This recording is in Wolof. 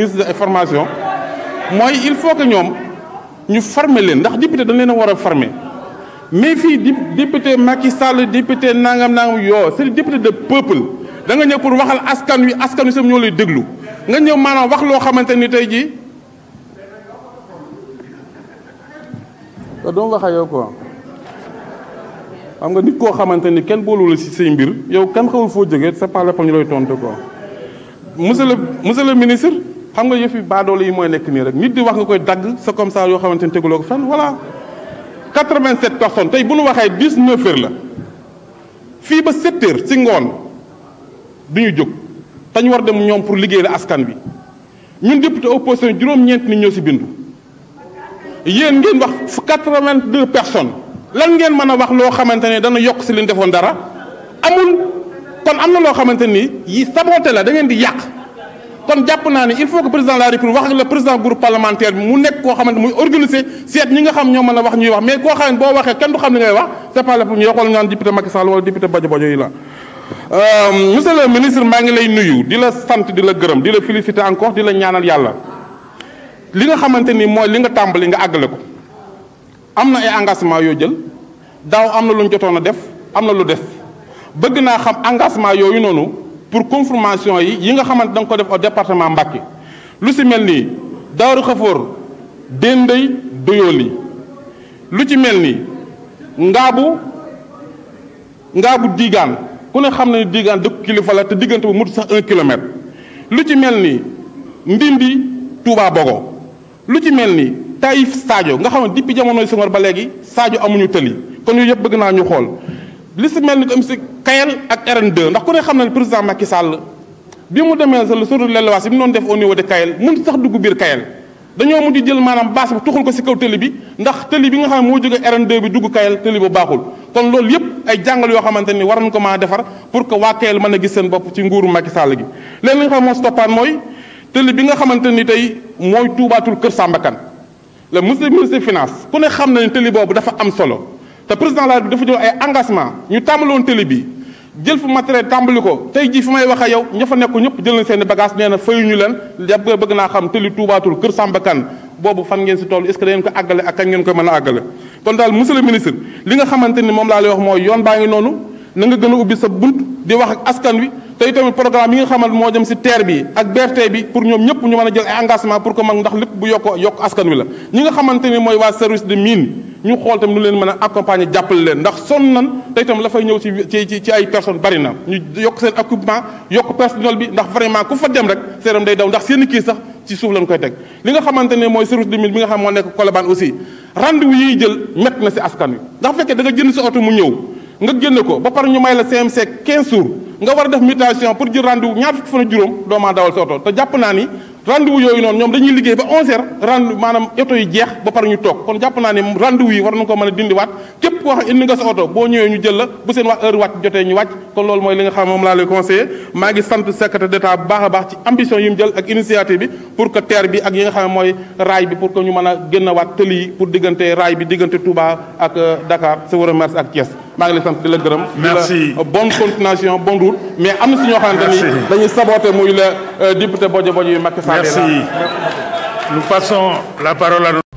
ministre de formation mooy il faut que ñoom ñu former leen ndax député dañ leen a war a former mais fii di député Macky Sall député nangam nangam yoo c'est député de peuple danga ñëw pour waxal askan wi askan wi sam ñoo lay déglu nga ñëw maanaam wax loo xamante ni tey jii. te doo wax ak yow quoi xam nga nit koo xamante ni kenn boolewul ci say mbir yow kan xawul foo jógee c'est pas la ñu lay tontu quoi monsieur le ministre. xam nga yëfi baadoolo yi mooy nekk nii rek nit di wax nga koy dagg sa comme ça yoo xamante ni teguloo ko fenn voilà. 87 personnes tey bu nu waxee 19 heures la fii ba 7 heures ci ngoon du ñu jóg te ñu war dem ñoom pour liggéeyal askan bi ñun député opposition juróom-ñeent nit ñoo ci bindu yéen ngeen wax fu 82 personne lan ngeen mën a wax loo xamante ne dana yokk ci li ñu defoon dara amul kon am na loo xamante ni yi saboté la da ngeen di yàq. kon jàpp naa ne il faut que président de la république wax ak le président groupe parlementaire bi mu nekk koo xamante muy organiser seet ñi nga xam ñoo mën a wax ñuy wax mais koo xam ne boo waxee kenn du xam li ngay wax c'est pas la pour ñu wax wala ñu naan député Macky Sall wala la euh, monsieur maa ngi lay nuyu di la sant di la gërëm di la féliciter encore di la ñaanal yàlla li nga xamante ni mooy li nga tàmbali nga àggale ko am na ay engagement yoo jël daaw am na lu jotoon a def am na lu def bëgg naa xam engagement yooyu noonu pour conformation yi yi nga xamante da nga ko def au département Mbacké lu ci mel ni Daaru Xafoor Dendey Doyooli lu ci mel ni Ngaabu Ngaabu diigaan ku ne xam na ni Digaan dëkk kilifa la te diggante bu mut sax un kilomètre lu ci mel ni Ndindi Touba Bogo lu ci mel ni Taïf Sadio nga xam ne depuis jamono Senghor ba léegi Sadio amuñu tëli kon yooyu yëpp bëgg naa ñu xool li si mel ni ko am si Kayel ak rn ndax ku ne xam na ne président Macky Sall bi mu demee sa sur l'élevage bi mu doon def au niveau de Kayel mënut sax dugg biir Kayel dañoo mujj jël maanaam bâche bi tuxul ko si kaw tëli bi ndax tëli bi nga xam ne moo jóge bi dugg Kayel tëli bu baaxul kon loolu yépp jàngal yoo xamante ni war nañ ko maa defar pour que waa Kayel mën a gis seen bopp ci nguuru Macky Sall gi leen li nga xam moo si toppaan nga xamante ni tey mooy tuubaatul kër Samba Kane le monsieur ministre finance ku ne xam na ne tëli boobu dafa am solo te président la dafa jël ay engagement ñu tàmbaloon télé bi jël fu matériel tàmbali ko tey jii fi may wax ak yow ña fa nekk ñëpp jël nañ seen i bagage nee na fayuñu leen yàpp nga bëgg naa xam télé tuubaatul kër Samba Kane boobu fan ngeen si toll est-ce que da ngeen ko àggale ak kañ ngeen ko mën a àggale kon daal monsieur ministre li nga xamante moom laa lay wax mooy yoon baa ngi noonu na nga gën ubbi sa bunt di wax ak askan wi tey tamit programme moo jëm si TER bi ak BRT bi pour ñëpp ñu mën a jël ay pour que mag ndax lépp bu yokk yokk askan wi la nga xamante ni mooy waa service de mine ñu xool tam nu leen mën a accompagner jàppale leen ndax sonn nan tey tam la fay ñëw ci ci ay personnes bari na ñu yokk seen équipement yokk personnel bi ndax vraiment ku fa dem rek seeram day daw ndax seen kii sax ci suuf lañ koy teg li nga xamante ne mooy service du mil bi nga xam moo nekk Colobane aussi rendez-vous yi jël mett na si askan wi ndax fekkee danga nga jënd oto mu ñëw nga génn ko ba par ñu may la CMC 15 jours nga war a def mutation pour jël rendez-vous ñaar fukki fan jàpp naa ni rendez yooyu noonu ñoom dañuy liggéey ba 11 heures rendez maanaam oto yi jeex ba par ñu toog kon jàpp naa ne rendez-vous yi war nañu ko mën a dindiwaat képp koo xam indi nga sa oto boo ñëwee ñu jël bu seen wax heure wàcc jotee ñu wàcc kon loolu mooy li nga xam moom laa lay conseillé maa ngi sant secrétaire d'État bu baax a baax ci ambition yi mu jël ak initiative bi pour que terre bi ak yi nga xam ne mooy raay bi pour que ñu mën a génnawaat tëli yi pour diggante raay bi diggante Touba ak euh, Dakar sa war ak Thiès maa ngi lay sant di la gërëm. merci bonne continuation bonne route. mais am na si ñoo xamante ni dañuy saboter muy le euh, député bojo bojo yu Macky Sall. merci nous passons la parole à